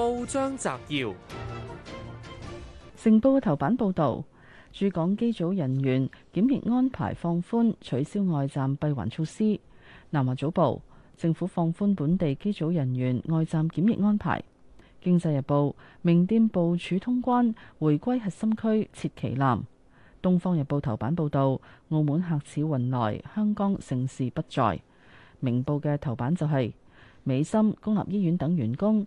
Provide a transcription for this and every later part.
報章摘要：成報嘅頭版報道，駐港機組人員檢疫安排放寬，取消外站閉環措施。南華早報：政府放寬本地機組人員外站檢疫安排。經濟日報：名店部署通關，回歸核心區設旗艦。東方日報頭版報道：澳門客似雲來，香港盛事不再。明報嘅頭版就係、是、美心公立醫院等員工。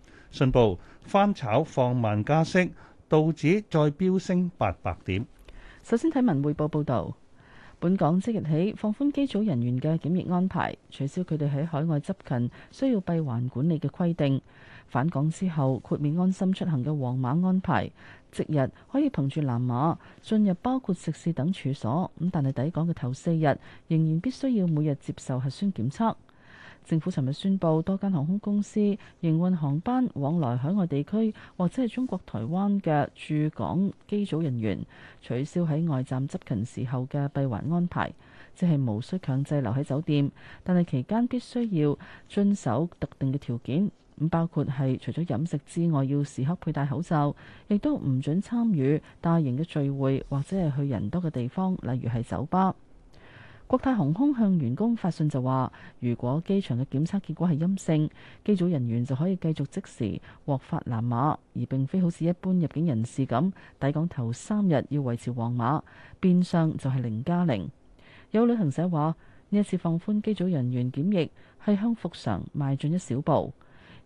信報翻炒放慢加息，道指再飆升八百點。首先睇文匯報報道，本港即日起放寬機組人員嘅檢疫安排，取消佢哋喺海外執勤需要閉環管理嘅規定。返港之後豁免安心出行嘅黃碼安排，即日可以憑住藍碼進入包括食肆等處所。咁但係抵港嘅頭四日仍然必須要每日接受核酸檢測。政府尋日宣布，多間航空公司營運航班往來海外地區或者係中國台灣嘅駐港機組人員，取消喺外站執勤時候嘅閉環安排，即係無需強制留喺酒店，但係期間必須要遵守特定嘅條件，包括係除咗飲食之外，要時刻佩戴口罩，亦都唔准參與大型嘅聚會或者係去人多嘅地方，例如係酒吧。國泰航空向員工發信就話，如果機場嘅檢測結果係陰性，機組人員就可以繼續即時獲發藍碼，而並非好似一般入境人士咁抵港頭三日要維持黃碼，變相就係零加零。有旅行社話，呢一次放寬機組人員檢疫係向復常邁進一小步。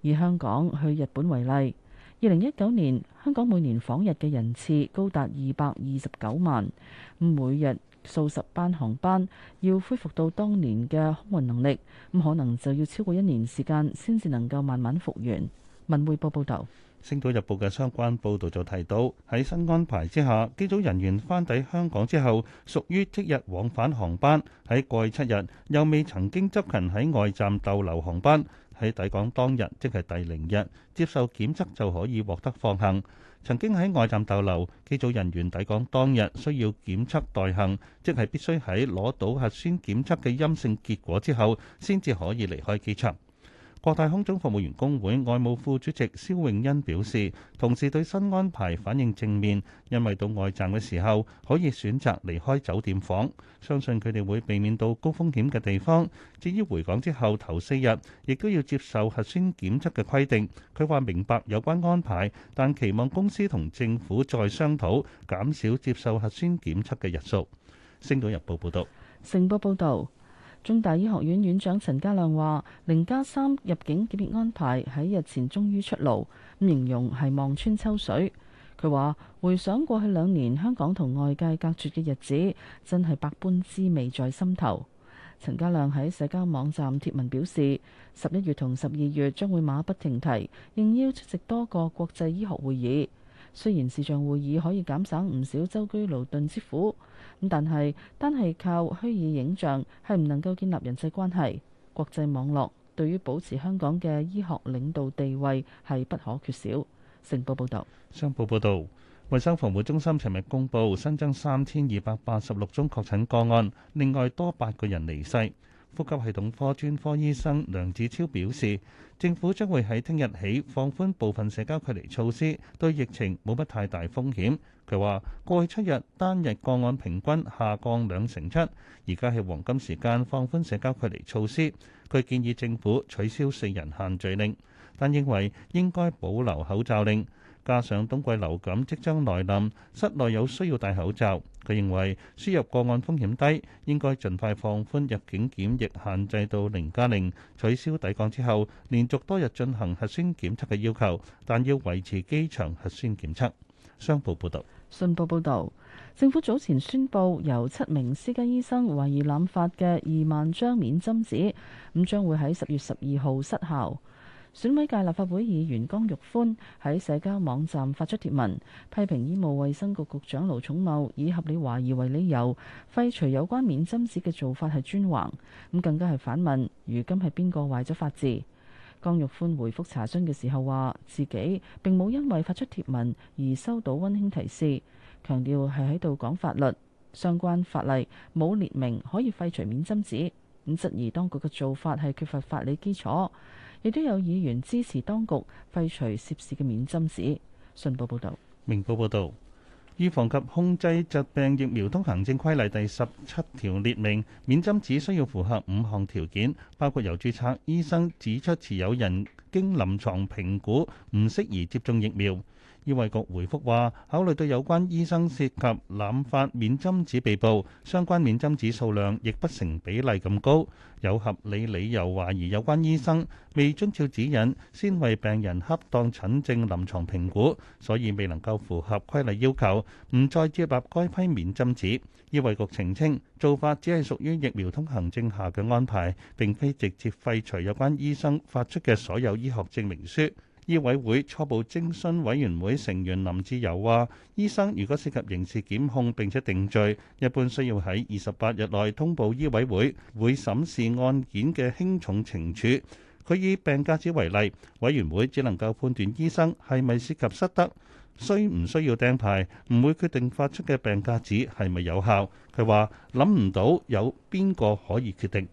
以香港去日本為例，二零一九年香港每年訪日嘅人次高達二百二十九萬，每日數十班航班要恢復到當年嘅空運能力，咁可能就要超過一年時間，先至能夠慢慢復原。文匯報報道，《星島日報》嘅相關報道就提到，喺新安排之下，機組人員返抵香港之後，屬於即日往返航班，喺過去七日又未曾經執勤喺外站逗留，航班喺抵港當日，即係第零日接受檢測就可以獲得放行。曾經喺外站逗留，機組人員抵港當日需要檢測待行，即係必須喺攞到核酸檢測嘅陰性結果之後，先至可以離開機場。國泰空中服務員工會外務副主席蕭永恩表示，同事對新安排反應正面，因為到外站嘅時候可以選擇離開酒店房，相信佢哋會避免到高風險嘅地方。至於回港之後頭四日亦都要接受核酸檢測嘅規定，佢話明白有關安排，但期望公司同政府再商討減少接受核酸檢測嘅日數。星島日報報道，成報報道。中大醫學院院長陳家亮話：零加三入境檢疫安排喺日前終於出爐，形容係望穿秋水。佢話回想過去兩年香港同外界隔絕嘅日子，真係百般滋味在心頭。陳家亮喺社交網站貼文表示，十一月同十二月將會馬不停蹄，應邀出席多個國際醫學會議。雖然視像會議可以減省唔少舟車勞頓之苦，咁但係單係靠虛擬影像係唔能夠建立人際關係、國際網絡，對於保持香港嘅醫學領導地位係不可缺少。成報報導，商報報道：「衞生防護中心尋日公佈新增三千二百八十六宗確診個案，另外多八個人離世。」呼吸系統科專科醫生梁子超表示，政府將會喺聽日起放寬部分社交距離措施，對疫情冇乜太大風險。佢話：過去七日單日個案平均下降兩成七，而家係黃金時間放寬社交距離措施。佢建議政府取消四人限聚令，但認為應該保留口罩令。加上冬季流感即將來臨，室內有需要戴口罩。佢認為輸入個案風險低，應該盡快放寬入境檢疫限制到零加零，取消抵港之後連續多日進行核酸檢測嘅要求，但要維持機場核酸檢測，商報報道，信報報道，政府早前宣布由七名私家醫生懷疑濫發嘅二萬張免針紙，咁將會喺十月十二號失效。選委界立法會議員江玉歡喺社交網站發出貼文，批評醫務衛生局局長盧寵茂以合理懷疑為理由廢除有關免針紙嘅做法係專橫，咁更加係反問：如今係邊個壞咗法治？江玉歡回覆查詢嘅時候話，自己並冇因為發出貼文而收到温馨提示，強調係喺度講法律相關法例冇列明可以廢除免針紙，咁質疑當局嘅做法係缺乏法理基礎。亦都有議員支持當局廢除涉事嘅免針紙。信報報導，明報報導，預防及控制疾病疫苗通行證規例第十七條列明，免針紙需要符合五項條件，包括由註冊醫生指出持有人經臨床評估唔適宜接種疫苗。醫衛局回覆話，考慮到有關醫生涉及濫發免針紙被捕，相關免針紙數量亦不成比例咁高，有合理理由懷疑有關醫生未遵照指引，先為病人恰當診症、臨床評估，所以未能夠符合規例要求，唔再接納該批免針紙。醫衛局澄清，做法只係屬於疫苗通行證下嘅安排，並非直接廢除有關醫生發出嘅所有醫學證明書。醫委會初步徵詢委員會成員林志友話，醫生如果涉及刑事檢控並且定罪，一般需要喺二十八日內通報醫委會，會審視案件嘅輕重懲處。佢以病假紙為例，委員會只能夠判斷醫生係咪涉及失德，需唔需要釘牌，唔會決定發出嘅病假紙係咪有效。佢話諗唔到有邊個可以決定。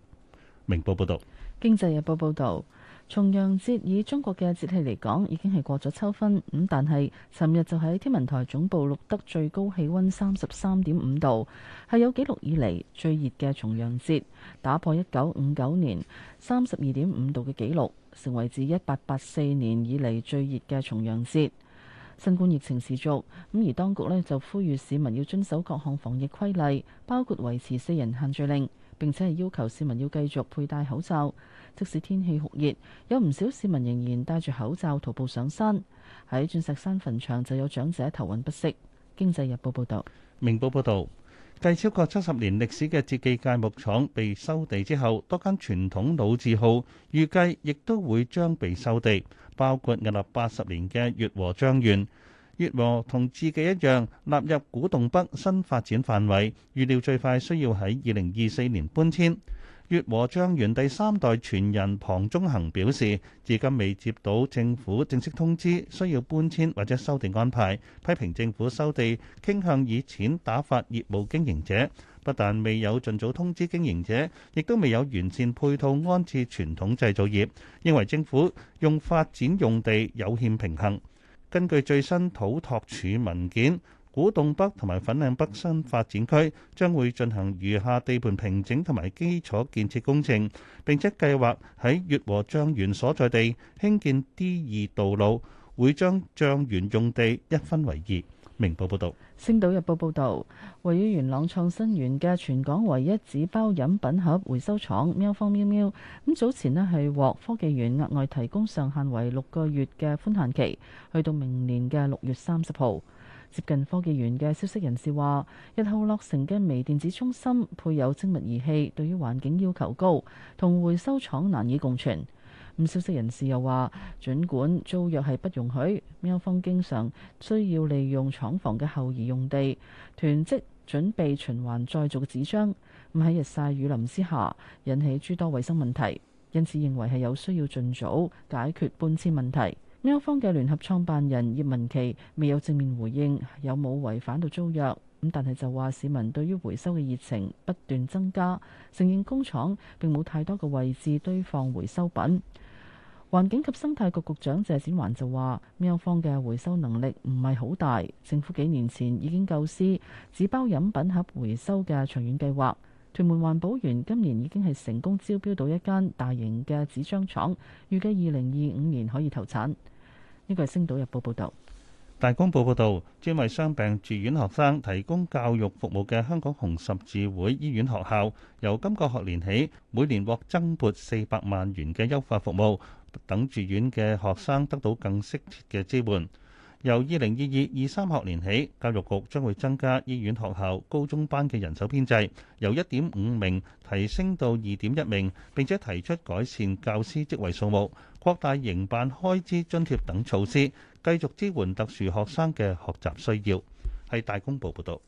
明報報道，經濟日報報道，重陽節以中國嘅節氣嚟講，已經係過咗秋分。咁但係尋日就喺天文台總部錄得最高氣溫三十三點五度，係有紀錄以嚟最熱嘅重陽節，打破一九五九年三十二點五度嘅紀錄，成為自一八八四年以嚟最熱嘅重陽節。新冠疫情持續，咁而當局咧就呼籲市民要遵守各項防疫規例，包括維持四人限聚令，並且係要求市民要繼續佩戴口罩，即使天氣酷熱，有唔少市民仍然戴住口罩徒步上山。喺鑽石山墳場就有長者頭暈不適。經濟日報報道：「明報報道，繼超過七十年歷史嘅志記鎅木廠被收地之後，多間傳統老字號預計亦都會將被收地。包括屹立八十年嘅月和莊園，月和同志記一樣納入古洞北新發展範圍，預料最快需要喺二零二四年搬遷。悅和醬園第三代傳人龐中恒表示，至今未接到政府正式通知需要搬遷或者收地安排，批評政府收地傾向以錢打發業務經營者，不但未有盡早通知經營者，亦都未有完善配套安置傳統製造業，認為政府用發展用地有欠平衡。根據最新土拓署文件，古洞北同埋粉嶺北新發展區將會進行餘下地盤平整同埋基礎建設工程，並且計劃喺悅和醬園所在地興建 D 二道路，會將醬園用地一分為二。明報報道，《星島日報》報道，位於元朗創新園嘅全港唯一紙包飲品盒回收廠喵方喵喵，咁早前呢係獲科技園額外提供上限為六個月嘅寬限期，去到明年嘅六月三十號。接近科技園嘅消息人士話，日後落成嘅微電子中心配有精密儀器，對於環境要求高，同回收廠難以共存。咁消息人士又話，儘管租約係不容許，喵方經常需要利用廠房嘅後移用地囤積準備循環再造嘅紙張，咁喺日曬雨淋之下，引起諸多衛生問題，因此認為係有需要盡早解決搬遷問題。喵方嘅聯合創辦人葉文琪未有正面回應，有冇違反到租約，咁，但係就話市民對於回收嘅熱情不斷增加，承認工廠並冇太多嘅位置堆放回收品。環境及生態局局長謝展環就話喵方嘅回收能力唔係好大，政府幾年前已經構思紙包飲品盒回收嘅長遠計劃。屯門環保園今年已經係成功招標到一間大型嘅紙張廠，預計二零二五年可以投產。呢個係《星島日報》報道，大公報報道，專為傷病住院學生提供教育服務嘅香港紅十字會醫院學校，由今個學年起，每年獲增撥四百萬元嘅優化服務，等住院嘅學生得到更適切嘅支援。由二零二二二三學年起，教育局將會增加醫院學校高中班嘅人手編製，由一點五名提升到二點一名，並且提出改善教師職位數目、擴大營辦開支津貼等措施，繼續支援特殊學生嘅學習需要。係大公報報道。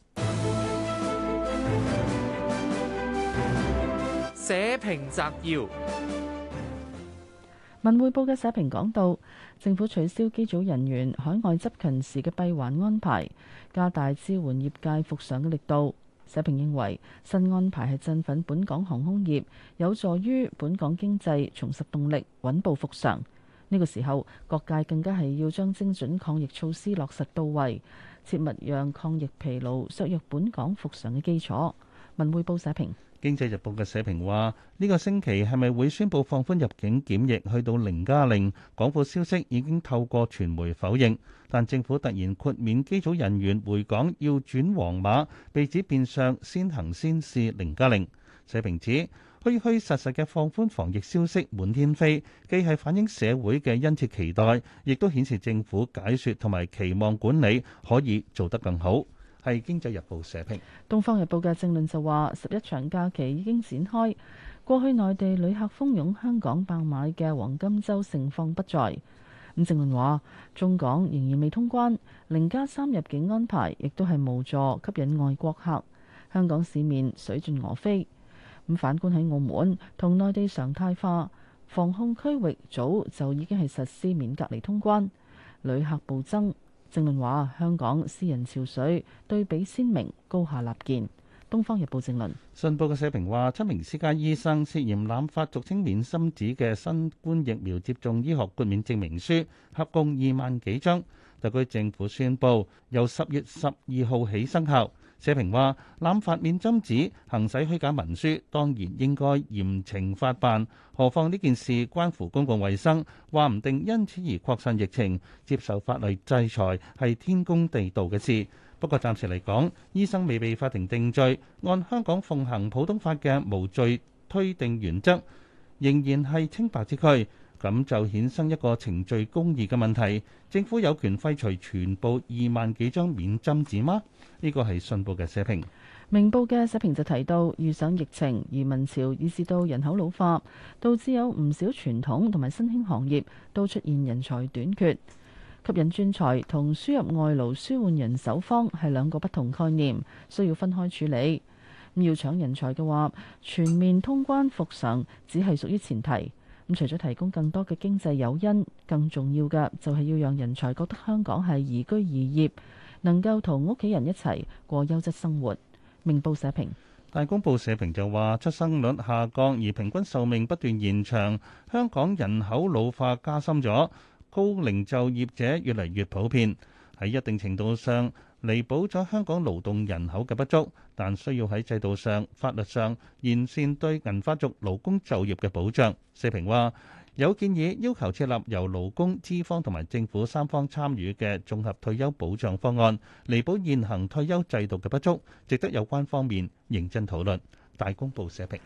社評摘要。文匯報嘅社評講到，政府取消機組人員海外執勤時嘅閉環安排，加大支援業界復常嘅力度。社評認為，新安排係振奮本港航空業，有助於本港經濟重拾動力，穩步復常。呢、這個時候，各界更加係要將精準抗疫措施落實到位，切勿讓抗疫疲勞削弱本港復常嘅基礎。文匯報社評。《經濟日報》嘅社評話：呢、這個星期係咪會宣布放寬入境檢疫去到零加零？港府消息已經透過傳媒否認，但政府突然豁免機組人員回港要轉黃碼，被指變相先行先試零加零。社評指虛虛實實嘅放寬防疫消息滿天飛，既係反映社會嘅殷切期待，亦都顯示政府解説同埋期望管理可以做得更好。係《經濟日報》社評，《東方日報》嘅政論就話：十一長假期已經展開，過去內地旅客蜂擁香港爆買嘅黃金周盛況不再。咁政論話，中港仍然未通關，零加三入境安排亦都係無助吸引外國客。香港市面水盡鵝飛。咁反觀喺澳門，同內地常態化，防控區域早就已經係實施免隔離通關，旅客暴增。正論話香港私人潮水對比鮮明，高下立見。東方日報正論。信報嘅社評話七名私家醫生涉嫌濫發俗稱免心紙嘅新冠疫苗接種醫學豁免證明書，合共二萬幾張。特區政府宣布由十月十二號起生效。社評話：濫發免針紙，行使虛假文書，當然應該嚴懲法辦。何況呢件事關乎公共衛生，話唔定因此而擴散疫情，接受法律制裁係天公地道嘅事。不過暫時嚟講，醫生未被法庭定罪，按香港奉行普通法嘅無罪推定原則，仍然係清白之軀。咁就衍生一個程序公義嘅問題，政府有權廢除全部二萬幾張免針紙嗎？呢個係信報嘅社評。明報嘅社評就提到，遇上疫情移民潮，以至到人口老化，導致有唔少傳統同埋新興行業都出現人才短缺。吸引專才同輸入外勞舒緩人手荒係兩個不同概念，需要分開處理。要搶人才嘅話，全面通關復常只係屬於前提。咁除咗提供更多嘅經濟誘因，更重要嘅就係要讓人才覺得香港係宜居宜業，能夠同屋企人一齊過優質生活。明報社評。大公報社評就話，出生率下降而平均壽命不斷延長，香港人口老化加深咗，高齡就業者越嚟越普遍，喺一定程度上，彌補咗香港勞動人口嘅不足，但需要喺制度上、法律上完善對銀髮族勞工就業嘅保障。社評話有建議要求設立由勞工、資方同埋政府三方參與嘅綜合退休保障方案，彌補現行退休制度嘅不足，值得有關方面認真討論。大公報社評。